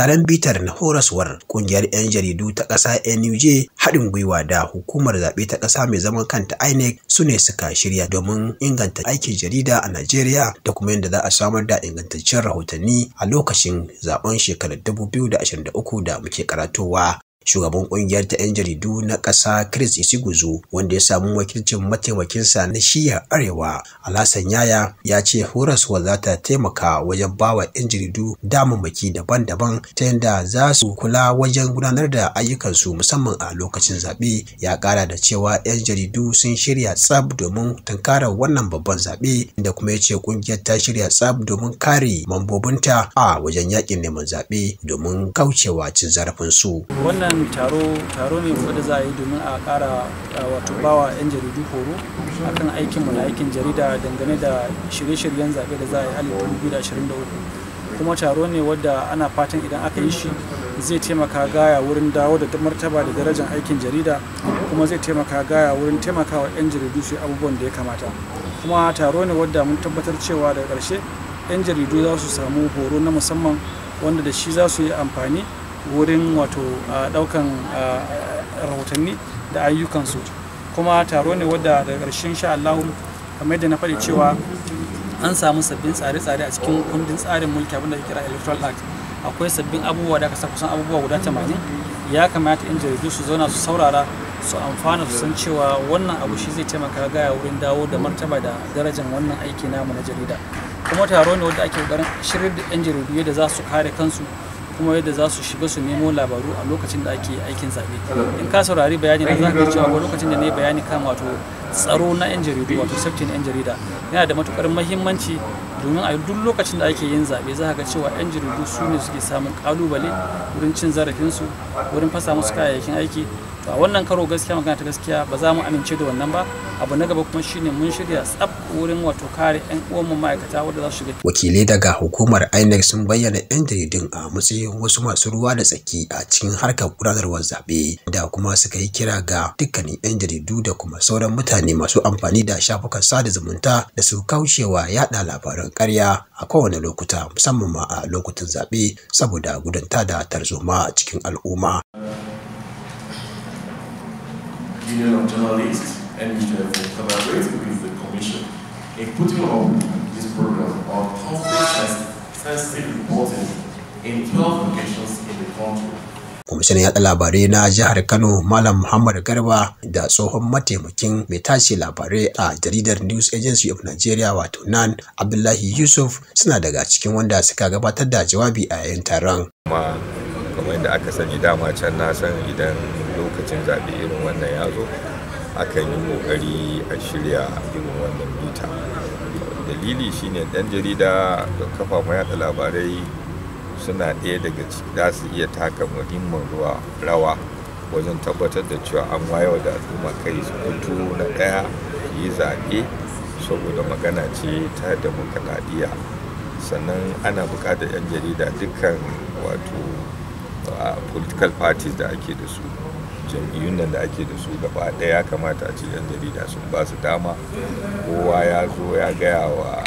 taron bitar na horaswar kungiyar 'yan jaridu ta ƙasa nuj haɗin gwiwa da hukumar zaɓe ta ƙasa mai zaman kanta inec su ne suka shirya domin inganta aikin jarida a najeriya da kuma yadda za a samar da ingantaccen rahotanni a lokacin zaben shekarar 2023 da muke karatowa shugaban kungiyar ta 'yan jaridu na ƙasa Chris isiguzu wanda ya samu wakilcin mataimakinsa na shiya arewa Alhassan Yaya ya ce horaswa za ta taimaka wajen bawa 'yan jaridu damammaki daban-daban ta yadda za su kula wajen gudanar da ayyukansu musamman a lokacin zaɓe ya ƙara da cewa 'yan jaridu sun shirya tsab domin tunkarar wannan babban zaɓe da kuma ya ce kungiyar ta shirya tsab domin kare mambobinta a wajen yakin neman zaɓe domin kaucewa cin zarafinsu. Wannan wannan taro taro mai gobe da za a yi domin a kara wato bawa 'yan jaridu horo akan aikin mu na aikin jarida dangane da shirye-shiryen zaɓe da za a yi da 2023 kuma taro ne wadda ana fatan idan aka yi shi zai taimaka gaya wurin dawo da martaba da darajar aikin jarida kuma zai taimaka gaya wurin taimakawa 'yan jaridu su abubuwan da ya kamata kuma taro ne wadda mun tabbatar cewa daga karshe 'yan jaridu za su samu horo na musamman wanda da shi za su yi amfani wurin wato daukan rahotanni da ayyukansu kuma taro ne wadda daga ƙarshen sha Allahu kamar yadda na faɗi cewa an samu sabbin tsare-tsare a cikin kundin tsarin mulki abinda ake kira electoral act akwai sabbin abubuwa da aka sa kusan abubuwa guda 80 ya kamata in jaridu su zauna su saurara su amfana su san cewa wannan abu shi zai taimaka gaya wurin dawo da martaba da darajar wannan aiki namu na jarida kuma taro ne wadda ake ƙoƙarin shirin da 'yan jaridu yadda za su kare kansu kuma yadda za su shiga su nemo labaru a lokacin da ake aikin zaɓe in ka saurari bayani na za ka cewa ko lokacin da ne bayani kan wato tsaro na yan jaridu wato safety na yan jarida yana da matukar mahimmanci domin a duk lokacin da ake yin zaɓe za ka cewa yan jaridu su ne suke samun kalubale wurin cin zarafinsu wurin fasa musu kayayyakin aiki to wannan karo gaskiya magana ta gaskiya ba za mu amince da wannan ba abu na gaba kuma shine mun shirya tsaf wurin wato kare yan uwan mu ma'aikata wanda za su shiga wakilai daga hukumar INEC sun bayyana yan jaridun a matsayin wasu masu ruwa da tsaki a cikin harkar gudanarwar zabe da kuma suka yi kira ga dukkanin yan jaridu da kuma sauran mutane masu amfani da shafukan sada zumunta da su kaucewa yada labaran ƙarya a kowane lokuta musamman ma a lokutan zabe saboda gudanta da tarzoma a cikin al'umma Union of Journalists, and we have collaborated with the Commission in putting on this program on conflict sensitive reporting in 12 locations in the country. kwamishinan yaɗa labarai na jihar kano malam muhammad garba da tsohon mataimakin mai tashi labarai a jaridar news agency of nigeria wato nan abdullahi yusuf suna daga cikin wanda suka gabatar da jawabi a yayin taron kamar yadda aka sani dama can na san idan lokacin zaɓe irin wannan ya zo akan yi ƙoƙari a shirya irin wannan bita dalili shine ɗan jarida da kafafen yada labarai suna ɗaya daga ciki za su iya taka muhimmin rawa wajen tabbatar da cewa an wayo da al'umma kai su fito na ɗaya yi zaɓe saboda magana ce ta demokradiyya sannan ana buƙatar 'yan jarida dukkan wato political parties da ake da su jam'iyyun nan da ake da su gaba ɗaya ya kamata a ce jarida sun ba su dama kowa ya zo ya gaya wa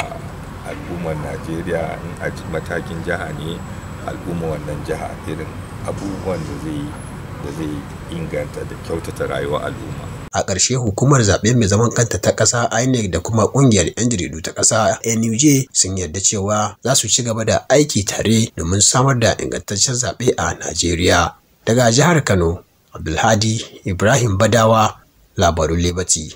al'ummar najeriya in a matakin jiha ne al'umma wannan jiha irin abubuwan da zai inganta da kyautata rayuwar al'umma a ƙarshe hukumar zaɓe mai zaman kanta ta ƙasa INEC da kuma ƙungiyar 'yan jaridu ta ƙasa NUJ sun yarda cewa za su ci gaba da aiki tare domin samar da ingantaccen zaɓe a Najeriya. Daga jihar Kano, Abdulhadi Ibrahim Badawa, labarun Liberty.